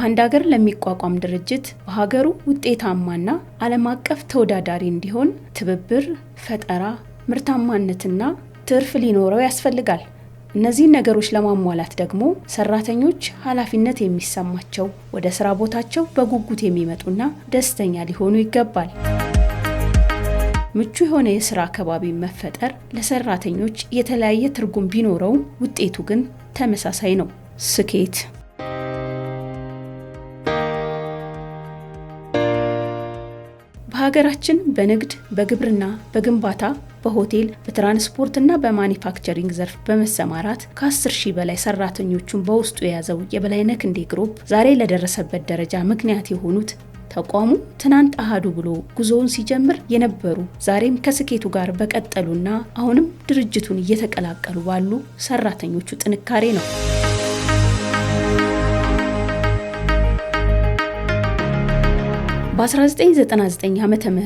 በአንድ ሀገር ለሚቋቋም ድርጅት በሀገሩ ውጤታማና ዓለም አቀፍ ተወዳዳሪ እንዲሆን ትብብር፣ ፈጠራ ምርታማነትና ትርፍ ሊኖረው ያስፈልጋል። እነዚህን ነገሮች ለማሟላት ደግሞ ሰራተኞች ኃላፊነት የሚሰማቸው ወደ ስራ ቦታቸው በጉጉት የሚመጡና ደስተኛ ሊሆኑ ይገባል። ምቹ የሆነ የስራ አካባቢ መፈጠር ለሰራተኞች የተለያየ ትርጉም ቢኖረውም ውጤቱ ግን ተመሳሳይ ነው። ስኬት በሀገራችን በንግድ፣ በግብርና፣ በግንባታ፣ በሆቴል፣ በትራንስፖርትና በማኒፋክቸሪንግ ዘርፍ በመሰማራት ከ10 ሺህ በላይ ሰራተኞቹን በውስጡ የያዘው የበላይነህ ክንዴ ግሩፕ ዛሬ ለደረሰበት ደረጃ ምክንያት የሆኑት ተቋሙ ትናንት አሃዱ ብሎ ጉዞውን ሲጀምር የነበሩ ዛሬም ከስኬቱ ጋር በቀጠሉና አሁንም ድርጅቱን እየተቀላቀሉ ባሉ ሰራተኞቹ ጥንካሬ ነው። በ1999 ዓ ም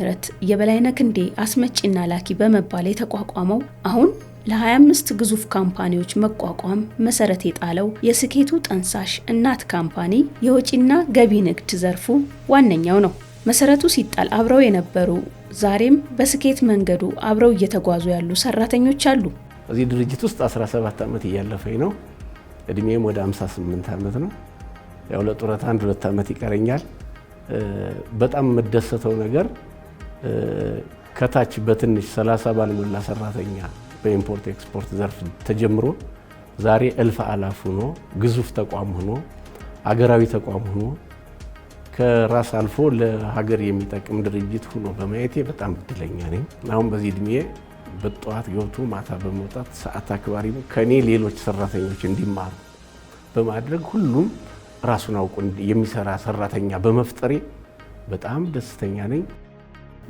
የበላይነህ ክንዴ አስመጪና ላኪ በመባል የተቋቋመው አሁን ለ25 ግዙፍ ካምፓኒዎች መቋቋም መሰረት የጣለው የስኬቱ ጠንሳሽ እናት ካምፓኒ የወጪና ገቢ ንግድ ዘርፉ ዋነኛው ነው። መሰረቱ ሲጣል አብረው የነበሩ ዛሬም በስኬት መንገዱ አብረው እየተጓዙ ያሉ ሰራተኞች አሉ። እዚህ ድርጅት ውስጥ 17 ዓመት እያለፈኝ ነው። እድሜም ወደ 58 ዓመት ነው። ያው ለጡረታ አንድ ሁለት ዓመት ይቀረኛል። በጣም የምደሰተው ነገር ከታች በትንሽ 30 ባልሞላ ሰራተኛ በኢምፖርት ኤክስፖርት ዘርፍ ተጀምሮ ዛሬ እልፍ አላፍ ሆኖ ግዙፍ ተቋም ሆኖ አገራዊ ተቋም ሆኖ ከራስ አልፎ ለሀገር የሚጠቅም ድርጅት ሆኖ በማየቴ በጣም እድለኛ ነኝ። አሁን በዚህ እድሜ በጠዋት ገብቶ ማታ በመውጣት ሰዓት አክባሪ ከእኔ ሌሎች ሰራተኞች እንዲማሩ በማድረግ ሁሉም ራሱን አውቆ የሚሰራ ሰራተኛ በመፍጠሬ በጣም ደስተኛ ነኝ።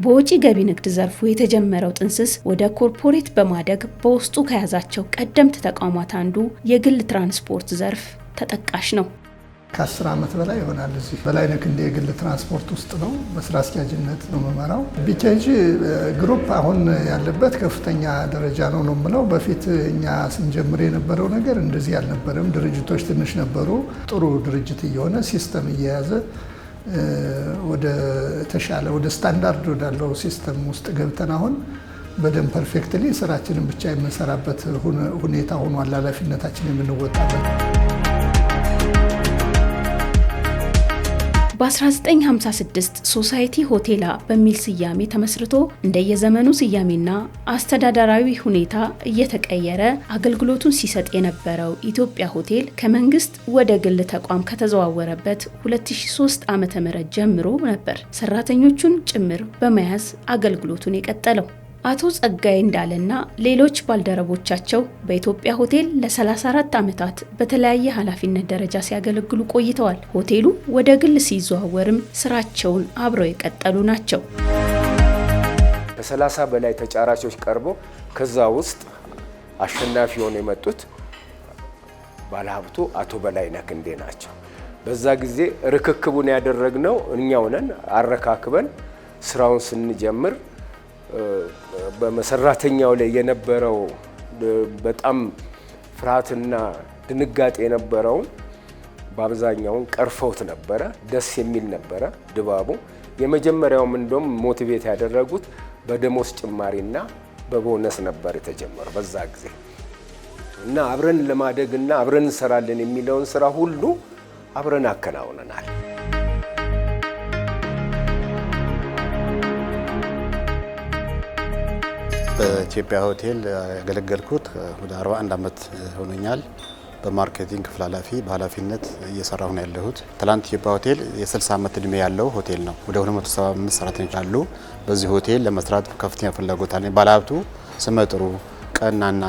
በውጪ ገቢ ንግድ ዘርፉ የተጀመረው ጥንስስ ወደ ኮርፖሬት በማደግ በውስጡ ከያዛቸው ቀደምት ተቋማት አንዱ የግል ትራንስፖርት ዘርፍ ተጠቃሽ ነው። ከአስር ዓመት በላይ ይሆናል። እዚህ በላይነህ ክንዴ የግል ትራንስፖርት ውስጥ ነው በስራ አስኪያጅነት ነው የምመራው። ቢኬጂ ግሩፕ አሁን ያለበት ከፍተኛ ደረጃ ነው ነው የምለው። በፊት እኛ ስንጀምር የነበረው ነገር እንደዚህ አልነበረም። ድርጅቶች ትንሽ ነበሩ። ጥሩ ድርጅት እየሆነ ሲስተም እየያዘ ወደ ተሻለ ወደ ስታንዳርድ ወዳለው ሲስተም ውስጥ ገብተን አሁን በደንብ ፐርፌክትሊ ስራችንን ብቻ የምንሰራበት ሁኔታ ሆኗል። ኃላፊነታችን የምንወጣበት በ1956 ሶሳይቲ ሆቴላ በሚል ስያሜ ተመስርቶ እንደየዘመኑ ስያሜና አስተዳደራዊ ሁኔታ እየተቀየረ አገልግሎቱን ሲሰጥ የነበረው ኢትዮጵያ ሆቴል ከመንግስት ወደ ግል ተቋም ከተዘዋወረበት 2003 ም ጀምሮ ነበር ሰራተኞቹን ጭምር በመያዝ አገልግሎቱን የቀጠለው። አቶ ጸጋዬ እንዳለና ሌሎች ባልደረቦቻቸው በኢትዮጵያ ሆቴል ለ34 ዓመታት በተለያየ ኃላፊነት ደረጃ ሲያገለግሉ ቆይተዋል። ሆቴሉ ወደ ግል ሲዘዋወርም ስራቸውን አብረው የቀጠሉ ናቸው። ከ30 በላይ ተጫራቾች ቀርቦ ከዛ ውስጥ አሸናፊ ሆነው የመጡት ባለሀብቱ አቶ በላይነህ ክንዴ ናቸው። በዛ ጊዜ ርክክቡን ያደረግነው እኛው ነን። አረካክበን ስራውን ስንጀምር በመሰራተኛው ላይ የነበረው በጣም ፍርሃትና ድንጋጤ የነበረውን በአብዛኛውን ቀርፈውት ነበረ። ደስ የሚል ነበረ ድባቡ። የመጀመሪያውም እንደም ሞቲቬት ያደረጉት በደሞዝ ጭማሪና በቦነስ ነበር የተጀመረ በዛ ጊዜ እና አብረን ለማደግና አብረን እንሰራለን የሚለውን ስራ ሁሉ አብረን አከናውነናል። በኢትዮጵያ ሆቴል ያገለገልኩት ወደ 41 ዓመት ሆኖኛል። በማርኬቲንግ ክፍል ኃላፊ በኃላፊነት እየሰራሁ ነው ያለሁት። ትላንት ኢትዮጵያ ሆቴል የ60 ዓመት ዕድሜ ያለው ሆቴል ነው። ወደ 275 ሰራተኞች አሉ። በዚህ ሆቴል ለመስራት ከፍተኛ ፍላጎት አለ። ባለሀብቱ ስመጥሩ ቀናና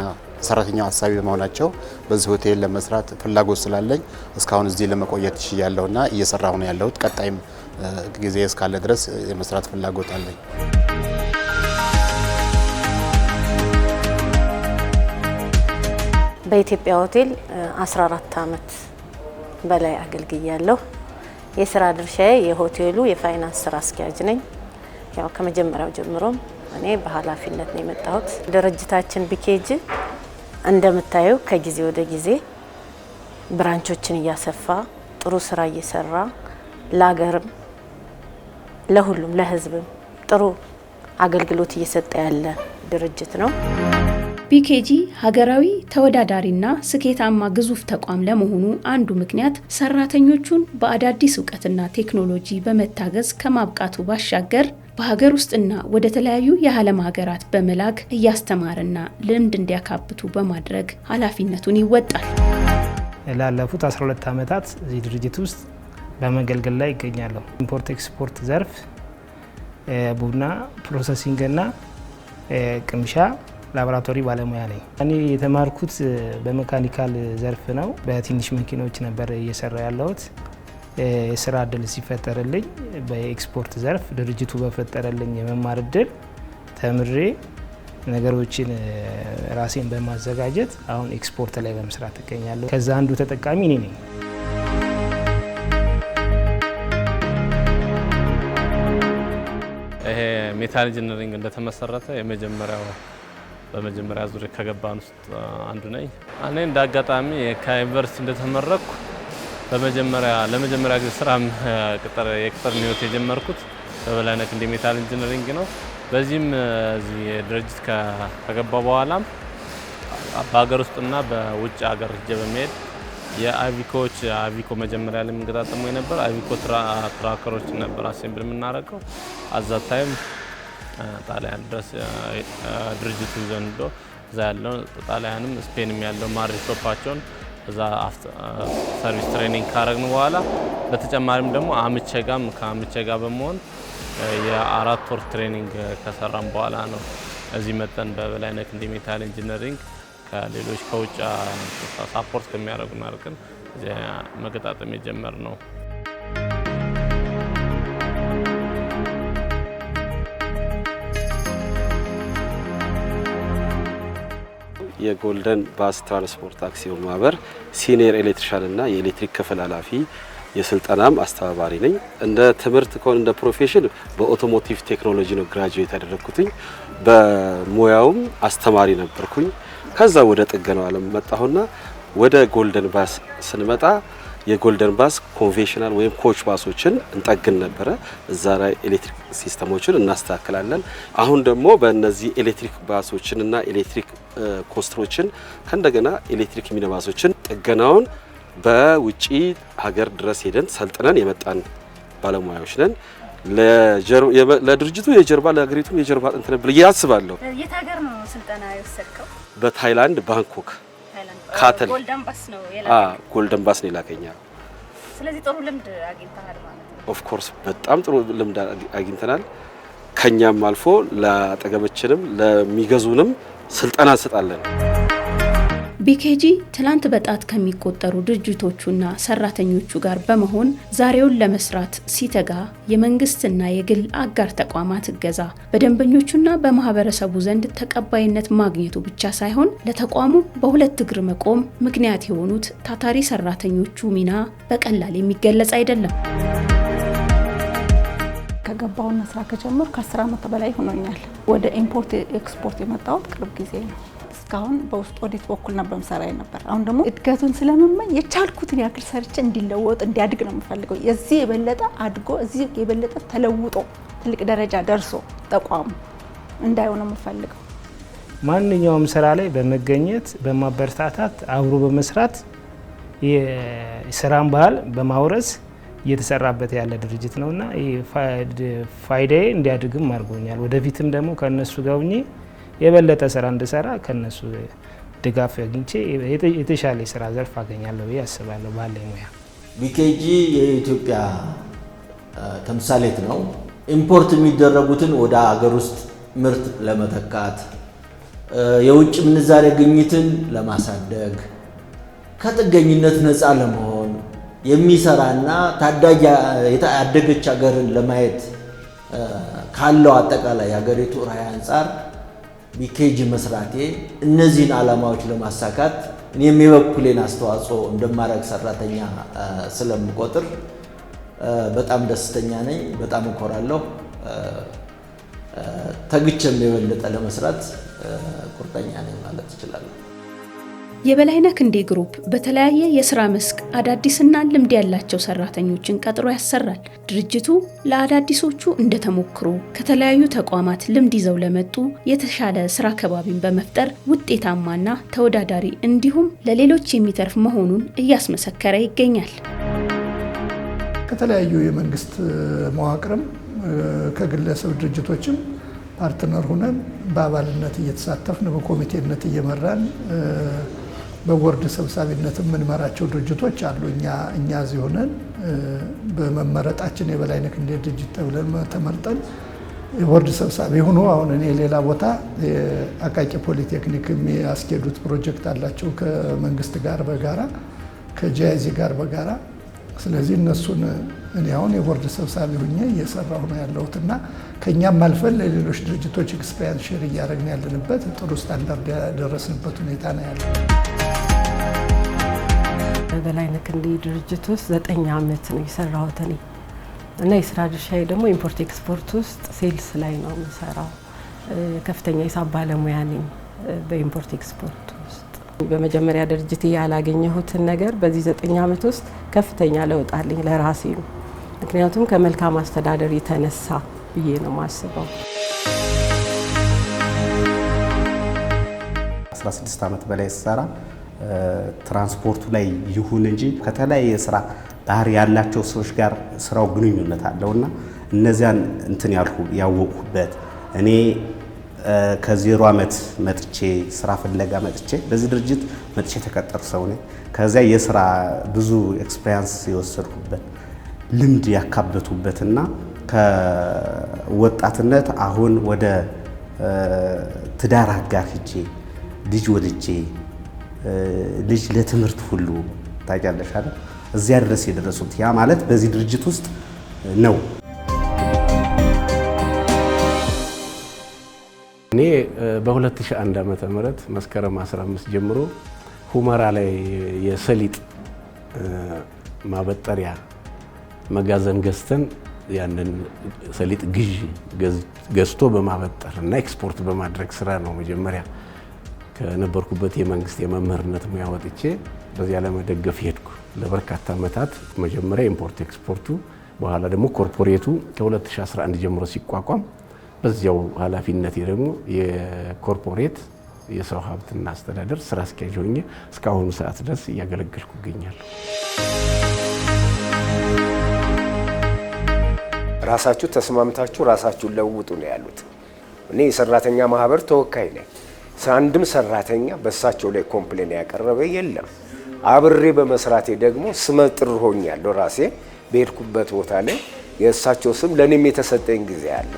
ሰራተኛው አሳቢ በመሆናቸው በዚህ ሆቴል ለመስራት ፍላጎት ስላለኝ እስካሁን እዚህ ለመቆየት ችያለሁና እየሰራሁ ነው ያለሁት። ቀጣይም ጊዜ እስካለ ድረስ የመስራት ፍላጎት አለኝ። በኢትዮጵያ ሆቴል 14 ዓመት በላይ አገልግያለሁ። የስራ ድርሻዬ የሆቴሉ የፋይናንስ ስራ አስኪያጅ ነኝ። ያው ከመጀመሪያው ጀምሮም እኔ በኃላፊነት ነው የመጣሁት። ድርጅታችን ቢኬጅ እንደምታዩ ከጊዜ ወደ ጊዜ ብራንቾችን እያሰፋ ጥሩ ስራ እየሰራ ለሀገርም ለሁሉም ለህዝብም ጥሩ አገልግሎት እየሰጠ ያለ ድርጅት ነው። ቢኬጂ ሀገራዊ ተወዳዳሪና ስኬታማ ግዙፍ ተቋም ለመሆኑ አንዱ ምክንያት ሰራተኞቹን በአዳዲስ እውቀትና ቴክኖሎጂ በመታገዝ ከማብቃቱ ባሻገር በሀገር ውስጥና ወደ ተለያዩ የዓለም ሀገራት በመላክ እያስተማርና ልምድ እንዲያካብቱ በማድረግ ኃላፊነቱን ይወጣል። ላለፉት 12 ዓመታት እዚህ ድርጅት ውስጥ በመገልገል ላይ ይገኛለሁ። ኢምፖርት ኤክስፖርት ዘርፍ ቡና ፕሮሰሲንግና ቅምሻ ላቦራቶሪ ባለሙያ ነኝ። እኔ የተማርኩት በመካኒካል ዘርፍ ነው። በትንሽ መኪኖች ነበር እየሰራ ያለሁት። የስራ እድል ሲፈጠርልኝ በኤክስፖርት ዘርፍ ድርጅቱ በፈጠረልኝ የመማር እድል ተምሬ ነገሮችን ራሴን በማዘጋጀት አሁን ኤክስፖርት ላይ በመስራት እገኛለሁ። ከዛ አንዱ ተጠቃሚ እኔ ነኝ። ይሄ ሜታል ኢንጂነሪንግ እንደተመሰረተ የመጀመሪያው በመጀመሪያ ዙር ከገባን ውስጥ አንዱ ነኝ። እኔ እንደ አጋጣሚ ከዩኒቨርሲቲ እንደተመረቅኩ በመጀመሪያ ለመጀመሪያ ጊዜ ስራ የቅጥር ህይወት የጀመርኩት በበላይነህ ክንዴ ሜታል ኢንጂነሪንግ ነው። በዚህም እዚህ ድርጅት ከገባ በኋላም በሀገር ውስጥና በውጭ ሀገር ሄጄ በመሄድ የአቪኮዎች አቪኮ መጀመሪያ ላይ የምንገጣጠሙ የነበር አቪኮ ትራከሮች ነበር አሴምብል የምናደርገው አዛታይም ጣሊያን ድረስ ድርጅቱ ዘንዶ እዛ ያለውን ጣሊያንም ስፔንም ያለው ማድሪድ ቶፓቸውን እዛ ሰርቪስ ትሬኒንግ ካረግን በኋላ በተጨማሪም ደግሞ አምቼ ጋም ከአምቼ ጋ በመሆን የአራት ወር ትሬኒንግ ከሰራም በኋላ ነው እዚህ መጠን በበላይነት ኬሚካል ኢንጂነሪንግ ከሌሎች ከውጭ ሳፖርት ከሚያደርጉ ማርቅን መገጣጠም የጀመር ነው። የጎልደን ባስ ትራንስፖርት አክሲዮን ማህበር ሲኒየር ኤሌክትሪሻንና የኤሌክትሪክ ክፍል ኃላፊ የስልጠናም አስተባባሪ ነኝ። እንደ ትምህርት ከሆነ እንደ ፕሮፌሽን በኦቶሞቲቭ ቴክኖሎጂ ነው ግራጁዌት ያደረግኩትኝ። በሙያውም አስተማሪ ነበርኩኝ። ከዛ ወደ ጥገናው አለም መጣሁና ወደ ጎልደን ባስ ስንመጣ የጎልደን ባስ ኮንቬንሽናል ወይም ኮች ባሶችን እንጠግን ነበረ። እዛ ላይ ኤሌክትሪክ ሲስተሞችን እናስተካክላለን። አሁን ደግሞ በእነዚህ ኤሌክትሪክ ባሶችን እና ኤሌክትሪክ ኮስትሮችን ከእንደገና ኤሌክትሪክ ሚኒባሶችን ጥገናውን በውጪ ሀገር ድረስ ሄደን ሰልጥነን የመጣን ባለሙያዎች ነን። ለድርጅቱ የጀርባ ለሀገሪቱ የጀርባ አጥንት ብዬ አስባለሁ። የት ሀገር ነው ስልጠና የወሰድከው? በታይላንድ ባንኮክ ካተል ጎልደን ባስ ነው የላከኛ። ስለዚህ ጥሩ ልምድ አግኝተናል ማለት ነው። ኦፍ ኮርስ በጣም ጥሩ ልምድ አግኝተናል። ከኛም አልፎ ለአጠገበችንም ለሚገዙንም ስልጠና እንሰጣለን። ቢኬጂ ትላንት በጣት ከሚቆጠሩ ድርጅቶቹና ሰራተኞቹ ጋር በመሆን ዛሬውን ለመስራት ሲተጋ የመንግስትና የግል አጋር ተቋማት እገዛ በደንበኞቹና በማህበረሰቡ ዘንድ ተቀባይነት ማግኘቱ ብቻ ሳይሆን ለተቋሙ በሁለት እግር መቆም ምክንያት የሆኑት ታታሪ ሰራተኞቹ ሚና በቀላል የሚገለጽ አይደለም። ከገባውና ስራ ከጀመር ከአስር ዓመት በላይ ሆኖኛል። ወደ ኢምፖርት ኤክስፖርት የመጣሁት ቅርብ ጊዜ ነው። እስካሁን በውስጥ ኦዲት በኩል ነበር ምሰራ ነበር። አሁን ደግሞ እድገቱን ስለምመኝ የቻልኩትን ያክል ሰርቼ እንዲለወጥ እንዲያድግ ነው የምፈልገው። የዚህ የበለጠ አድጎ እዚህ የበለጠ ተለውጦ ትልቅ ደረጃ ደርሶ ተቋሙ እንዳይሆነ የምፈልገው። ማንኛውም ስራ ላይ በመገኘት በማበረታታት አብሮ በመስራት የስራን ባህል በማውረስ እየተሰራበት ያለ ድርጅት ነውና ይህ ፋይዳዬ እንዲያድግም አድርጎኛል። ወደፊትም ደግሞ ከእነሱ ጋር የበለጠ ስራ እንድሰራ ከነሱ ድጋፍ አግኝቼ የተሻለ የስራ ዘርፍ አገኛለሁ ብዬ አስባለሁ። ባለኝ ሙያ ቢኬጂ የኢትዮጵያ ተምሳሌት ነው። ኢምፖርት የሚደረጉትን ወደ አገር ውስጥ ምርት ለመተካት የውጭ ምንዛሬ ግኝትን ለማሳደግ ከጥገኝነት ነፃ ለመሆን የሚሰራና ታዳጊ ያደገች ሀገርን ለማየት ካለው አጠቃላይ የሀገሪቱ ራዕይ አንጻር ቢኬጅ መስራቴ እነዚህን ዓላማዎች ለማሳካት እኔም የበኩሌን አስተዋጽኦ እንደማድረግ ሰራተኛ ስለምቆጥር በጣም ደስተኛ ነኝ። በጣም እኮራለሁ። ተግቼም የበለጠ ለመስራት ቁርጠኛ ነኝ ማለት እችላለሁ። የበላይነህ ክንዴ ግሩፕ በተለያየ የስራ መስክ አዳዲስና ልምድ ያላቸው ሰራተኞችን ቀጥሮ ያሰራል። ድርጅቱ ለአዳዲሶቹ እንደተሞክሮ ከተለያዩ ተቋማት ልምድ ይዘው ለመጡ የተሻለ ስራ ከባቢን በመፍጠር ውጤታማና ተወዳዳሪ እንዲሁም ለሌሎች የሚተርፍ መሆኑን እያስመሰከረ ይገኛል። ከተለያዩ የመንግስት መዋቅርም ከግለሰብ ድርጅቶችም ፓርትነር ሁነን በአባልነት እየተሳተፍን በኮሚቴነት እየመራን በቦርድ ሰብሳቢነት የምንመራቸው ድርጅቶች አሉ። እኛ እኛ እዚህ ሆነን በመመረጣችን የበላይነህ እንደ ድርጅት ተብለን ተመርጠን የቦርድ ሰብሳቢ ሆኖ አሁን እኔ ሌላ ቦታ አቃቂ ፖሊቴክኒክ የሚያስኬዱት ፕሮጀክት አላቸው ከመንግስት ጋር በጋራ ከጂአይዚ ጋር በጋራ ስለዚህ እነሱን እኔ አሁን የቦርድ ሰብሳቢ ሁኜ እየሰራሁ ነው ያለሁት እና ከእኛም አልፈን ለሌሎች ድርጅቶች ኤክስፔሪንስ ሼር እያደረግን ያለንበት ጥሩ ስታንዳርድ ያደረስንበት ሁኔታ ነው ያለው። በላይነህ ክንዴ ድርጅት ውስጥ ዘጠኝ አመት ነው የሰራሁት እኔ እና የስራ ድርሻዬ ደግሞ ኢምፖርት ኤክስፖርት ውስጥ ሴልስ ላይ ነው የምሰራው። ከፍተኛ ሂሳብ ባለሙያ ነኝ በኢምፖርት ኤክስፖርት ውስጥ። በመጀመሪያ ድርጅት ያላገኘሁትን ነገር በዚህ ዘጠኝ አመት ውስጥ ከፍተኛ ለውጥ አለኝ ለራሴ ነው። ምክንያቱም ከመልካም አስተዳደር የተነሳ ብዬ ነው የማስበው። 16 ዓመት በላይ ስሰራ ትራንስፖርቱ ላይ ይሁን እንጂ ከተለያየ ስራ ባህሪ ያላቸው ሰዎች ጋር ስራው ግንኙነት አለውና እነዚያን እንትን ያልኩ ያወቅሁበት እኔ ከዜሮ ዓመት መጥቼ ስራ ፍለጋ መጥቼ በዚህ ድርጅት መጥቼ የተቀጠር ሰው ነኝ። ከዚያ የስራ ብዙ ኤክስፔሪያንስ የወሰድኩበት ልምድ ያካበቱበትና ከወጣትነት አሁን ወደ ትዳር አጋር ሂጄ ልጅ ወልጄ ልጅ ለትምህርት ሁሉ ታውቂያለሽ አይደል? እዚያ ድረስ የደረሱት ያ ማለት በዚህ ድርጅት ውስጥ ነው። እኔ በ2001 ዓ ም መስከረም 15 ጀምሮ ሁመራ ላይ የሰሊጥ ማበጠሪያ መጋዘን ገዝተን ያንን ሰሊጥ ግዥ ገዝቶ በማበጠር እና ኤክስፖርት በማድረግ ስራ ነው መጀመሪያ ከነበርኩበት የመንግስት የመምህርነት ሙያ ወጥቼ በዚያ ለመደገፍ ሄድኩ። ለበርካታ ዓመታት መጀመሪያ ኢምፖርት ኤክስፖርቱ፣ በኋላ ደግሞ ኮርፖሬቱ ከ2011 ጀምሮ ሲቋቋም በዚያው ኃላፊነት ደግሞ የኮርፖሬት የሰው ሀብትና አስተዳደር ስራ አስኪያጅ ሆኜ እስካሁኑ ሰዓት ድረስ እያገለገልኩ እገኛለሁ። ራሳችሁ ተስማምታችሁ ራሳችሁን ለውጡ ነው ያሉት። እኔ የሰራተኛ ማህበር ተወካይ ነኝ። አንድም ሰራተኛ በእሳቸው ላይ ኮምፕሌን ያቀረበ የለም። አብሬ በመስራቴ ደግሞ ስመ ጥር ሆኛለሁ። ራሴ በሄድኩበት ቦታ ላይ የእሳቸው ስም ለእኔም የተሰጠኝ ጊዜ አለ።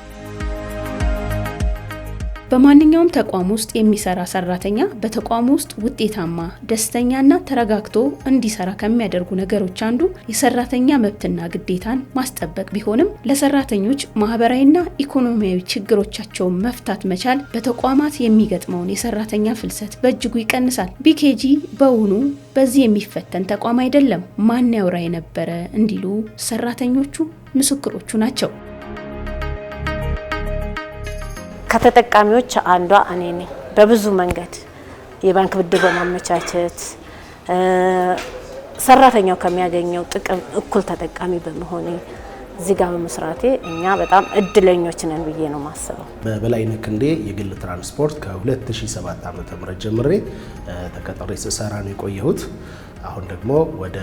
በማንኛውም ተቋም ውስጥ የሚሰራ ሰራተኛ በተቋም ውስጥ ውጤታማ፣ ደስተኛና ተረጋግቶ እንዲሰራ ከሚያደርጉ ነገሮች አንዱ የሰራተኛ መብትና ግዴታን ማስጠበቅ ቢሆንም ለሰራተኞች ማህበራዊና ኢኮኖሚያዊ ችግሮቻቸውን መፍታት መቻል በተቋማት የሚገጥመውን የሰራተኛ ፍልሰት በእጅጉ ይቀንሳል። ቢኬጂ በውኑ በዚህ የሚፈተን ተቋም አይደለም፣ ማን ያውራ የነበረ እንዲሉ ሰራተኞቹ ምስክሮቹ ናቸው። ከተጠቃሚዎች አንዷ እኔ ነኝ። በብዙ መንገድ የባንክ ብድር በማመቻቸት ሰራተኛው ከሚያገኘው ጥቅም እኩል ተጠቃሚ በመሆኔ እዚህ ጋር በመስራቴ እኛ በጣም እድለኞች ነን ብዬ ነው የማስበው። በበላይነህ ክንዴ የግል ትራንስፖርት ከ2007 ም ጀምሬ ተቀጥሬ ስሰራ ነው የቆየሁት። አሁን ደግሞ ወደ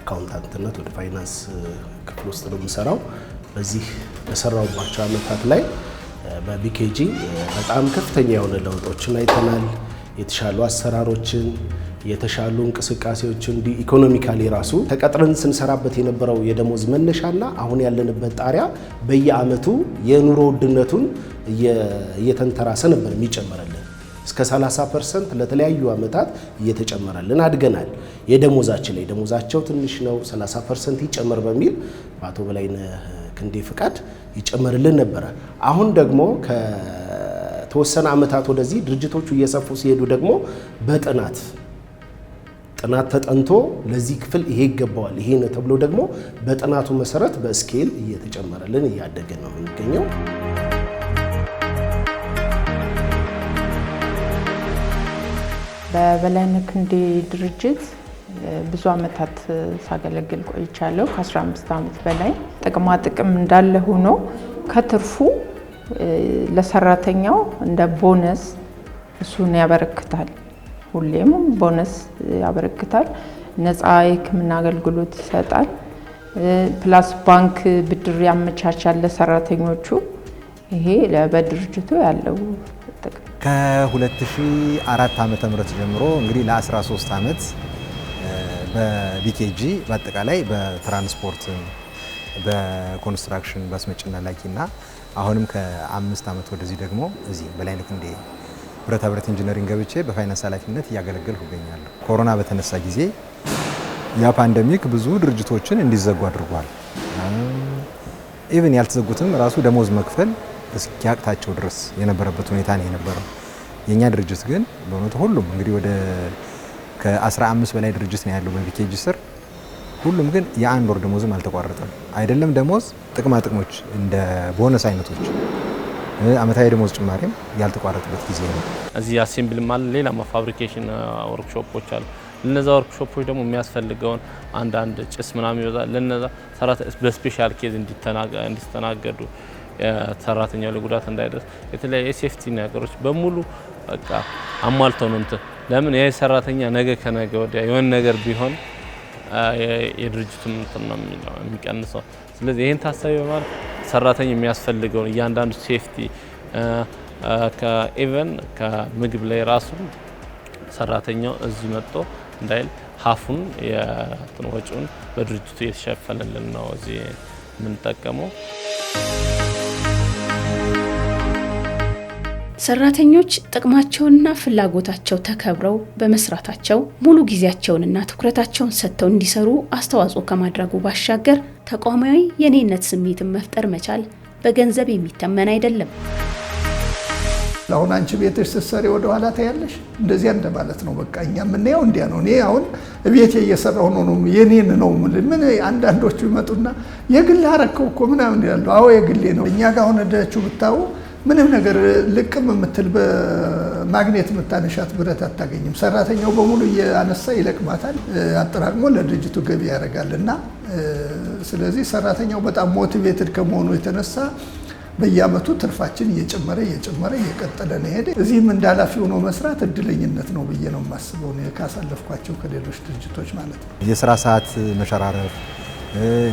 አካውንታንትነት ወደ ፋይናንስ ክፍል ውስጥ ነው የምሰራው። በዚህ በሰራውባቸው ዓመታት ላይ በቢኬጂ በጣም ከፍተኛ የሆነ ለውጦችን አይተናል። የተሻሉ አሰራሮችን፣ የተሻሉ እንቅስቃሴዎችን እንዲ ኢኮኖሚካሊ ራሱ ተቀጥረን ስንሰራበት የነበረው የደሞዝ መነሻና አሁን ያለንበት ጣሪያ በየአመቱ የኑሮ ውድነቱን እየተንተራሰ ነበር የሚጨመረልን እስከ 30 ፐርሰንት ለተለያዩ አመታት እየተጨመረልን አድገናል። የደሞዛችን ላይ ደሞዛቸው ትንሽ ነው 30 ፐርሰንት ይጨመር በሚል በአቶ በላይነህ ክንዴ ፍቃድ ይጨመርልን ነበረ። አሁን ደግሞ ከተወሰነ ዓመታት ወደዚህ ድርጅቶቹ እየሰፉ ሲሄዱ ደግሞ በጥናት ጥናት ተጠንቶ ለዚህ ክፍል ይሄ ይገባዋል ይሄ ነው ተብሎ ደግሞ በጥናቱ መሰረት በስኬል እየተጨመረልን እያደገ ነው የሚገኘው። በበላይነህ ክንዴ ድርጅት ብዙ ዓመታት ሳገለግል ቆይቻለሁ። ከ15 ዓመት በላይ ጥቅማ ጥቅም እንዳለ ሆኖ ከትርፉ ለሰራተኛው እንደ ቦነስ እሱን ያበረክታል። ሁሌም ቦነስ ያበረክታል። ነፃ የሕክምና አገልግሎት ይሰጣል። ፕላስ ባንክ ብድር ያመቻቻል ለሰራተኞቹ። ይሄ በድርጅቱ ያለው ጥቅም ከ2004 ም ጀምሮ እንግዲህ ለ13 ዓመት በቢኬጂ በአጠቃላይ በትራንስፖርት፣ በኮንስትራክሽን፣ በአስመጭና ላኪና አሁንም ከአምስት ዓመት ወደዚህ ደግሞ እዚህ በላይነህ ክንዴ ብረታ ብረት ኢንጂነሪንግ ገብቼ በፋይናንስ ኃላፊነት እያገለገልኩ እገኛለሁ። ኮሮና በተነሳ ጊዜ ያ ፓንደሚክ ብዙ ድርጅቶችን እንዲዘጉ አድርጓል። ኢቭን ያልተዘጉትም ራሱ ደሞዝ መክፈል እስኪያቅታቸው ድረስ የነበረበት ሁኔታ ነው የነበረው። የእኛ ድርጅት ግን በእውነቱ ሁሉም እንግዲህ ወደ ከ15 በላይ ድርጅት ነው ያለው በቪኬጅ ስር። ሁሉም ግን የአንድ ወር ደሞዝም አልተቋረጠም። አይደለም ደሞዝ፣ ጥቅማ ጥቅሞች እንደ ቦነስ አይነቶች፣ አመታዊ ደሞዝ ጭማሪም ያልተቋረጠበት ጊዜ ነው። እዚህ አሴምብል አለ፣ ሌላም ፋብሪኬሽን ወርክሾፖች አሉ። ለነዛ ወርክሾፖች ደግሞ የሚያስፈልገውን አንዳንድ ጭስ ምናምን ይወጣል። ለነዛ በስፔሻል ኬዝ እንዲስተናገዱ ሰራተኛው ላይ ጉዳት እንዳይደርስ የተለያዩ የሴፍቲ ነገሮች በሙሉ በቃ አሟልተው ነው እንትን ለምን ያ ሰራተኛ ነገ ከነገ ወዲያ የሆነ ነገር ቢሆን የድርጅቱን እንትን ነው የሚቀንሰው። ስለዚህ ይህን ታሳቢ በማለት ሰራተኛ የሚያስፈልገውን እያንዳንዱ ሴፍቲ ከኢቨን ከምግብ ላይ ራሱ ሰራተኛው እዚህ መጥቶ እንዳይል ሀፉን የትን ወጪውን በድርጅቱ የተሸፈነልን ነው እዚህ የምንጠቀመው። ሰራተኞች ጥቅማቸውንና ፍላጎታቸው ተከብረው በመስራታቸው ሙሉ ጊዜያቸውንና ትኩረታቸውን ሰጥተው እንዲሰሩ አስተዋጽኦ ከማድረጉ ባሻገር ተቋማዊ የኔነት ስሜትን መፍጠር መቻል በገንዘብ የሚተመን አይደለም። አሁን አንቺ ቤትሽ ስትሰሪ ወደኋላ ታያለሽ። እንደዚያ እንደማለት ነው። በቃ እኛ የምናየው እንዲያ ነው። እኔ አሁን ቤቴ እየሰራሁ ነው፣ የኔን ነው። ምን አንዳንዶቹ ይመጡና የግል አረከው እኮ ምናምን ይላሉ። አዎ የግሌ ነው። እኛ ጋር ሆነ ደችው ብታዩ ምንም ነገር ልቅም የምትል በማግኔት የምታነሻት ብረት አታገኝም። ሰራተኛው በሙሉ እየአነሳ ይለቅማታል፣ አጠራቅሞ ለድርጅቱ ገቢ ያደርጋል እና ስለዚህ ሰራተኛው በጣም ሞቲቬትድ ከመሆኑ የተነሳ በየአመቱ ትርፋችን እየጨመረ እየጨመረ እየቀጠለ ነው ሄደ። እዚህም እንደ ኃላፊ ሆኖ መስራት እድለኝነት ነው ብዬ ነው የማስበው ካሳለፍኳቸው ከሌሎች ድርጅቶች ማለት ነው። የስራ ሰዓት መሸራረፍ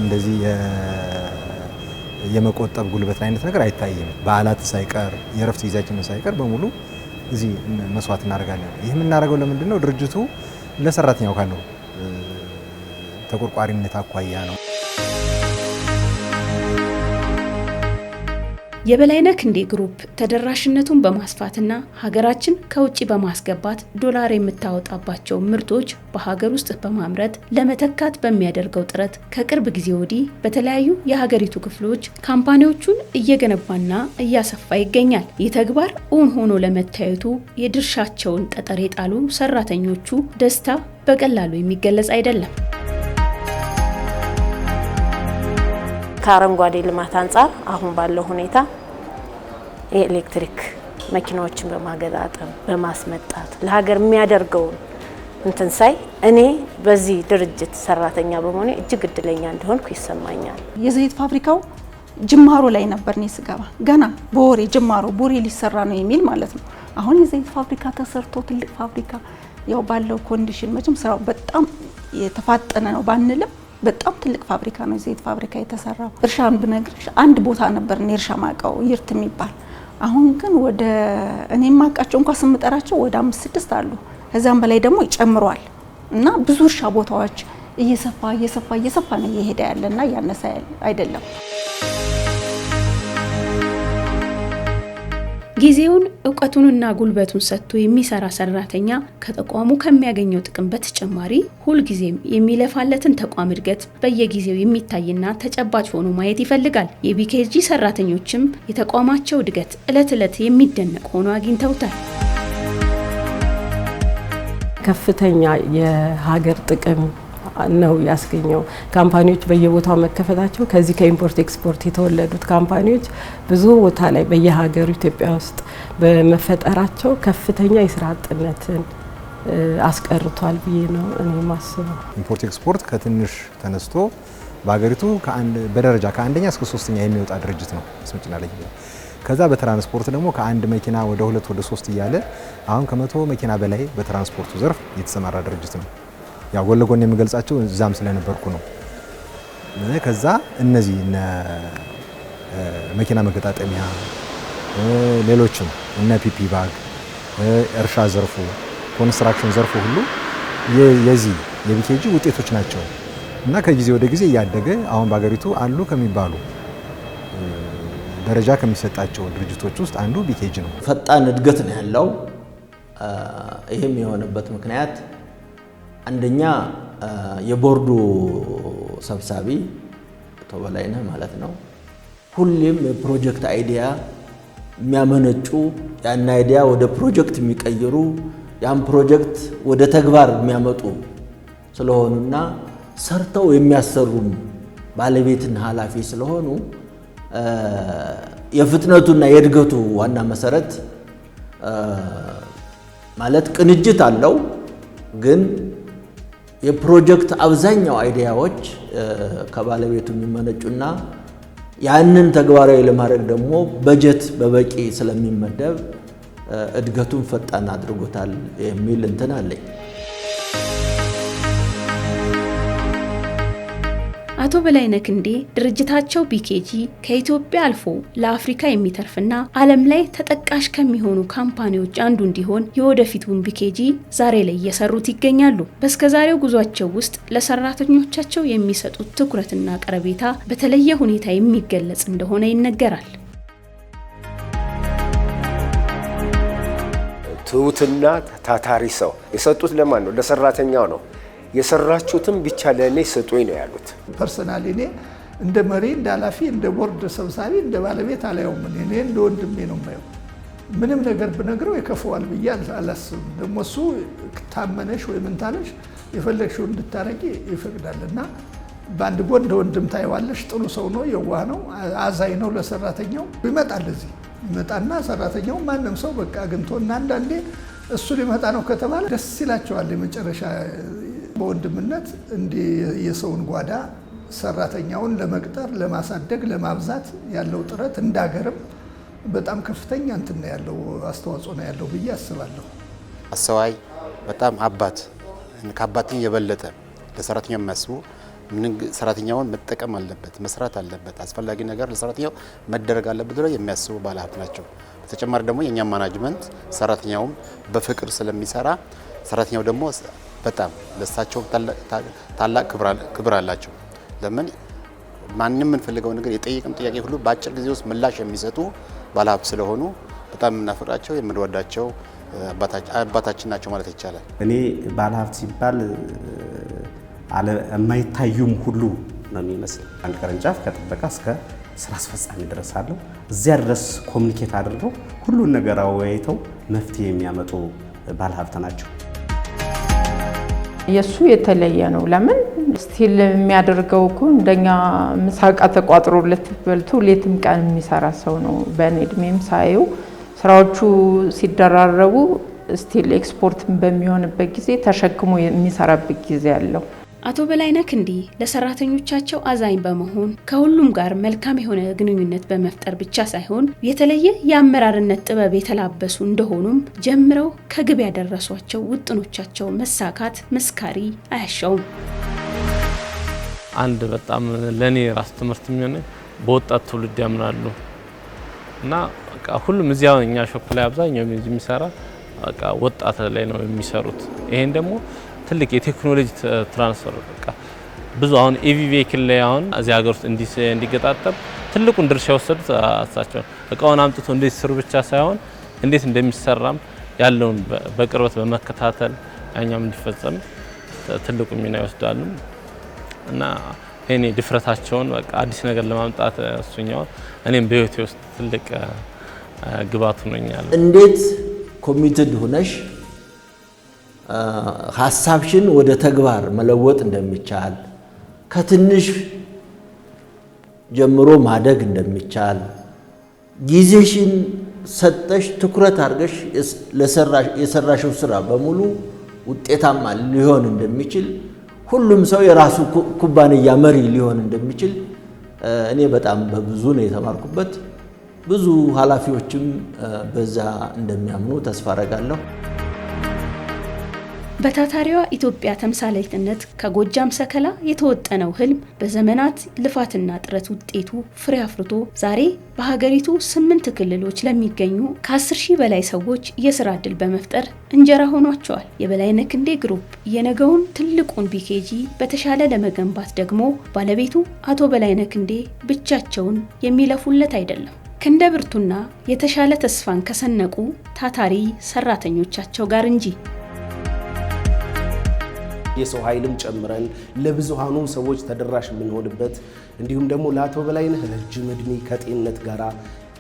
እንደዚህ የመቆጠብ ጉልበት አይነት ነገር አይታይም። በዓላት ሳይቀር የእረፍት ጊዜያችንን ሳይቀር በሙሉ እዚህ መስዋዕት እናደርጋለን። ይህ የምናደርገው ለምንድን ነው? ድርጅቱ ለሰራተኛው ካለው ተቆርቋሪነት አኳያ ነው። የበላይነህ ክንዴ ግሩፕ ተደራሽነቱን በማስፋትና ሀገራችን ከውጭ በማስገባት ዶላር የምታወጣባቸው ምርቶች በሀገር ውስጥ በማምረት ለመተካት በሚያደርገው ጥረት ከቅርብ ጊዜ ወዲህ በተለያዩ የሀገሪቱ ክፍሎች ካምፓኒዎቹን እየገነባና እያሰፋ ይገኛል። ይህ ተግባር እውን ሆኖ ለመታየቱ የድርሻቸውን ጠጠር የጣሉ ሰራተኞቹ ደስታ በቀላሉ የሚገለጽ አይደለም። ከአረንጓዴ ልማት አንጻር አሁን ባለው ሁኔታ የኤሌክትሪክ መኪናዎችን በማገጣጠም በማስመጣት ለሀገር የሚያደርገውን እንትን ሳይ እኔ በዚህ ድርጅት ሰራተኛ በመሆኔ እጅግ እድለኛ እንደሆንኩ ይሰማኛል። የዘይት ፋብሪካው ጅማሮ ላይ ነበር። እኔ ስገባ ገና በወሬ ጅማሮ ቦሬ ሊሰራ ነው የሚል ማለት ነው። አሁን የዘይት ፋብሪካ ተሰርቶ ትልቅ ፋብሪካ ያው ባለው ኮንዲሽን መቼም ስራው በጣም የተፋጠነ ነው ባንልም በጣም ትልቅ ፋብሪካ ነው የዘይት ፋብሪካ የተሰራው። እርሻን ብነግርሽ አንድ ቦታ ነበር እኔ እርሻ ማቀው ይርት የሚባል አሁን ግን ወደ እኔ ማቃቸው እንኳ ስምጠራቸው ወደ አምስት ስድስት አሉ። ከዚያም በላይ ደግሞ ይጨምሯል እና ብዙ እርሻ ቦታዎች እየሰፋ እየሰፋ እየሰፋ ነው እየሄደ ያለና እያነሳ አይደለም። ጊዜውን እውቀቱንና ጉልበቱን ሰጥቶ የሚሰራ ሰራተኛ ከተቋሙ ከሚያገኘው ጥቅም በተጨማሪ ሁልጊዜም የሚለፋለትን ተቋም እድገት በየጊዜው የሚታይና ተጨባጭ ሆኖ ማየት ይፈልጋል። የቢኬጂ ሰራተኞችም የተቋማቸው እድገት እለት ዕለት የሚደነቅ ሆኖ አግኝተውታል። ከፍተኛ የሀገር ጥቅም ነው ያስገኘው። ካምፓኒዎች በየቦታው መከፈታቸው ከዚህ ከኢምፖርት ኤክስፖርት የተወለዱት ካምፓኒዎች ብዙ ቦታ ላይ በየሀገሩ ኢትዮጵያ ውስጥ በመፈጠራቸው ከፍተኛ የስራ አጥነትን አስቀርቷል ብዬ ነው እኔ ማስበው። ኢምፖርት ኤክስፖርት ከትንሽ ተነስቶ በሀገሪቱ በደረጃ ከአንደኛ እስከ ሶስተኛ የሚወጣ ድርጅት ነው ስምጭና ላይ ከዛ በትራንስፖርት ደግሞ ከአንድ መኪና ወደ ሁለት ወደ ሶስት እያለ አሁን ከመቶ መኪና በላይ በትራንስፖርቱ ዘርፍ የተሰማራ ድርጅት ነው። ያው ጎን ለጎን የሚገልጻቸው እዛም ስለነበርኩ ነው። ከዛ እነዚህ እነ መኪና መገጣጠሚያ፣ ሌሎችም እነ ፒፒ ባግ፣ እርሻ ዘርፉ፣ ኮንስትራክሽን ዘርፉ ሁሉ የዚህ የቢኬጂ ውጤቶች ናቸው እና ከጊዜ ወደ ጊዜ እያደገ አሁን በሀገሪቱ አሉ ከሚባሉ ደረጃ ከሚሰጣቸው ድርጅቶች ውስጥ አንዱ ቢኬጂ ነው። ፈጣን እድገት ነው ያለው። ይህም የሆነበት ምክንያት አንደኛ የቦርዱ ሰብሳቢ አቶ በላይነህ ማለት ነው። ሁሌም የፕሮጀክት አይዲያ የሚያመነጩ ያን አይዲያ ወደ ፕሮጀክት የሚቀይሩ ያን ፕሮጀክት ወደ ተግባር የሚያመጡ ስለሆኑና ሰርተው የሚያሰሩም ባለቤትን ኃላፊ ስለሆኑ የፍጥነቱና የእድገቱ ዋና መሰረት ማለት ቅንጅት አለው ግን የፕሮጀክት አብዛኛው አይዲያዎች ከባለቤቱ የሚመነጩና ያንን ተግባራዊ ለማድረግ ደግሞ በጀት በበቂ ስለሚመደብ እድገቱን ፈጣን አድርጎታል የሚል እንትን አለኝ። አቶ በላይነህ ክንዴ ድርጅታቸው ቢኬጂ ከኢትዮጵያ አልፎ ለአፍሪካ የሚተርፍና ዓለም ላይ ተጠቃሽ ከሚሆኑ ካምፓኒዎች አንዱ እንዲሆን የወደፊቱን ቢኬጂ ዛሬ ላይ እየሰሩት ይገኛሉ። በእስከዛሬው ጉዟቸው ውስጥ ለሰራተኞቻቸው የሚሰጡት ትኩረትና ቀረቤታ በተለየ ሁኔታ የሚገለጽ እንደሆነ ይነገራል። ትሁትና ታታሪ ሰው የሰጡት ለማን ነው? ለሰራተኛው ነው። የሰራችሁትም ብቻ ለእኔ ስጡኝ ነው ያሉት። ፐርሰናል እኔ እንደ መሪ፣ እንደ ኃላፊ፣ እንደ ቦርድ ሰብሳቢ፣ እንደ ባለቤት አላየውም። እኔ እንደ ወንድሜ ነው የማየው። ምንም ነገር ብነግረው ይከፈዋል ብዬ አላስብም። ደግሞ እሱ ታመነሽ ወይ ምን ታለሽ የፈለግሽው እንድታረቂ ይፈቅዳል እና በአንድ ጎን እንደ ወንድም ታይዋለሽ። ጥሩ ሰው ነው፣ የዋህ ነው፣ አዛኝ ነው ለሰራተኛው። ይመጣል እዚህ ይመጣና ሰራተኛው ማንም ሰው በቃ አግኝቶ እና አንዳንዴ እሱ ሊመጣ ነው ከተባለ ደስ ይላቸዋል የመጨረሻ በወንድምነት እንዲህ የሰውን ጓዳ ሰራተኛውን ለመቅጠር ለማሳደግ ለማብዛት ያለው ጥረት እንዳገርም በጣም ከፍተኛ እንትን ያለው አስተዋጽኦ ነው ያለው ብዬ አስባለሁ። አሰዋይ በጣም አባት ከአባትን የበለጠ ለሰራተኛው የሚያስቡ ሰራተኛውን መጠቀም አለበት፣ መስራት አለበት፣ አስፈላጊ ነገር ለሰራተኛው መደረግ አለበት ብለው የሚያስቡ ባለሀብት ናቸው። በተጨማሪ ደግሞ የእኛ ማናጅመንት ሰራተኛውም በፍቅር ስለሚሰራ ሰራተኛው ደግሞ በጣም ለሳቸው ታላቅ ክብር አላቸው። ለምን ማንም የምንፈልገው ነገር የጠየቅም ጥያቄ ሁሉ በአጭር ጊዜ ውስጥ ምላሽ የሚሰጡ ባለሀብት ስለሆኑ በጣም የምናፈቅራቸው የምንወዳቸው አባታችን ናቸው ማለት ይቻላል። እኔ ባለሀብት ሲባል የማይታዩም ሁሉ ነው የሚመስል። አንድ ቅርንጫፍ ከጥበቃ እስከ ስራ አስፈጻሚ ድረስ አለው። እዚያ ድረስ ኮሚኒኬት አድርገው ሁሉን ነገር አወያይተው መፍትሄ የሚያመጡ ባለሀብት ናቸው። የእሱ የተለየ ነው። ለምን ስቲል የሚያደርገው እኮ እንደኛ ምሳቃ ተቋጥሮ በልቶ ሌትም ቀን የሚሰራ ሰው ነው። በእኔ እድሜም ሳየው ስራዎቹ ሲደራረቡ ስቲል ኤክስፖርት በሚሆንበት ጊዜ ተሸክሞ የሚሰራበት ጊዜ አለው። አቶ በላይነህ ክንዴ ለሰራተኞቻቸው አዛኝ በመሆን ከሁሉም ጋር መልካም የሆነ ግንኙነት በመፍጠር ብቻ ሳይሆን የተለየ የአመራርነት ጥበብ የተላበሱ እንደሆኑም ጀምረው ከግብ ያደረሷቸው ውጥኖቻቸው መሳካት መስካሪ አያሻውም። አንድ በጣም ለእኔ ራስ ትምህርት የሚሆነ በወጣት ትውልድ ያምናሉ እና ሁሉም እዚያ እኛ ሾፕ ላይ አብዛኛው የሚሰራ ወጣት ላይ ነው የሚሰሩት። ይሄን ደግሞ ትልቅ የቴክኖሎጂ ትራንስፈር በቃ ብዙ አሁን ኤቪ ቬክል ላይ አሁን እዚህ ሀገር ውስጥ እንዲገጣጠም ትልቁን ድርሻ የወሰዱት እሳቸው እቃውን አምጥቶ እንዴት ስሩ ብቻ ሳይሆን እንዴት እንደሚሰራም ያለውን በቅርበት በመከታተል ያኛውም እንዲፈጸም ትልቁ ሚና ይወስዳሉ እና ይኔ ድፍረታቸውን በቃ አዲስ ነገር ለማምጣት እሱኛው እኔም በህይወቴ ውስጥ ትልቅ ግባት ሆኖኛል። እንዴት ኮሚትድ ሁነሽ ሀሳብሽን ወደ ተግባር መለወጥ እንደሚቻል ከትንሽ ጀምሮ ማደግ እንደሚቻል ጊዜሽን ሰጠሽ ትኩረት አድርገሽ የሰራሽው ስራ በሙሉ ውጤታማ ሊሆን እንደሚችል ሁሉም ሰው የራሱ ኩባንያ መሪ ሊሆን እንደሚችል እኔ በጣም በብዙ ነው የተማርኩበት። ብዙ ኃላፊዎችም በዛ እንደሚያምኑ ተስፋ አረጋለሁ። በታታሪዋ ኢትዮጵያ ተምሳሌትነት ከጎጃም ሰከላ የተወጠነው ህልም በዘመናት ልፋትና ጥረት ውጤቱ ፍሬ አፍርቶ ዛሬ በሀገሪቱ ስምንት ክልሎች ለሚገኙ ከ10 ሺህ በላይ ሰዎች የስራ ዕድል በመፍጠር እንጀራ ሆኗቸዋል። የበላይ ክንዴ ግሩፕ የነገውን ትልቁን ቢኬጂ በተሻለ ለመገንባት ደግሞ ባለቤቱ አቶ በላይ ክንዴ ብቻቸውን የሚለፉለት አይደለም። ክንደ ብርቱና የተሻለ ተስፋን ከሰነቁ ታታሪ ሰራተኞቻቸው ጋር እንጂ የሰው ኃይልም ጨምረን ለብዙሃኑ ሰዎች ተደራሽ የምንሆንበት እንዲሁም ደግሞ ለአቶ በላይነህ ረጅም ዕድሜ ከጤንነት ጋር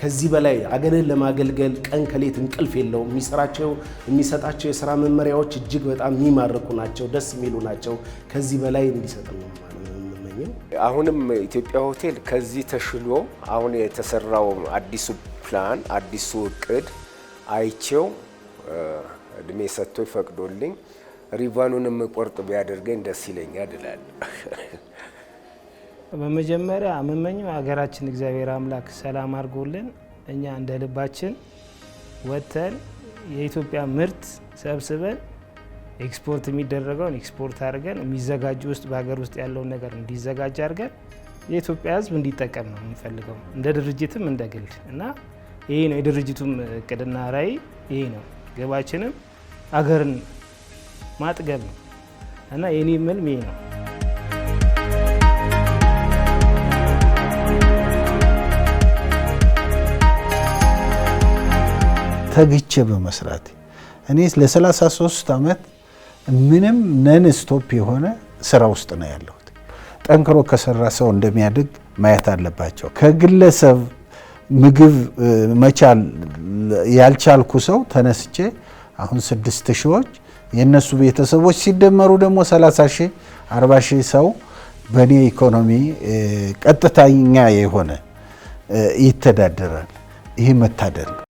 ከዚህ በላይ አገርን ለማገልገል ቀን ከሌት እንቅልፍ የለውም። የሚሰራቸው የሚሰጣቸው የስራ መመሪያዎች እጅግ በጣም የሚማርኩ ናቸው፣ ደስ የሚሉ ናቸው። ከዚህ በላይ እንዲሰጥ ነው የምመኘው። አሁንም ኢትዮጵያ ሆቴል ከዚህ ተሽሎ አሁን የተሰራው አዲሱ ፕላን አዲሱ እቅድ አይቼው እድሜ ሰጥቶ ይፈቅዶልኝ ሪቫኑንም ቆርጥ ቢያደርገኝ ደስ ይለኛል ይላል። በመጀመሪያ የምመኘው ሀገራችን እግዚአብሔር አምላክ ሰላም አድርጎልን እኛ እንደ ልባችን ወጥተን የኢትዮጵያ ምርት ሰብስበን ኤክስፖርት የሚደረገውን ኤክስፖርት አድርገን የሚዘጋጅ ውስጥ በሀገር ውስጥ ያለውን ነገር እንዲዘጋጅ አድርገን የኢትዮጵያ ሕዝብ እንዲጠቀም ነው የምንፈልገው እንደ ድርጅትም እንደ ግል እና ይሄ ነው የድርጅቱም እቅድና ራዕይ ይሄ ነው ግባችንም አገርን ማጥገብ ነው እና የኔ ህልም ይሄ ነው። ተግቼ በመስራት እኔ ለ33 ዓመት ምንም ነን ስቶፕ የሆነ ስራ ውስጥ ነው ያለሁት። ጠንክሮ ከሰራ ሰው እንደሚያድግ ማየት አለባቸው። ከግለሰብ ምግብ መቻል ያልቻልኩ ሰው ተነስቼ አሁን ስድስት ሺዎች የእነሱ ቤተሰቦች ሲደመሩ ደግሞ 30 ሺህ 40 ሺህ ሰው በእኔ ኢኮኖሚ ቀጥተኛ የሆነ ይተዳደራል። ይህ መታደል ነው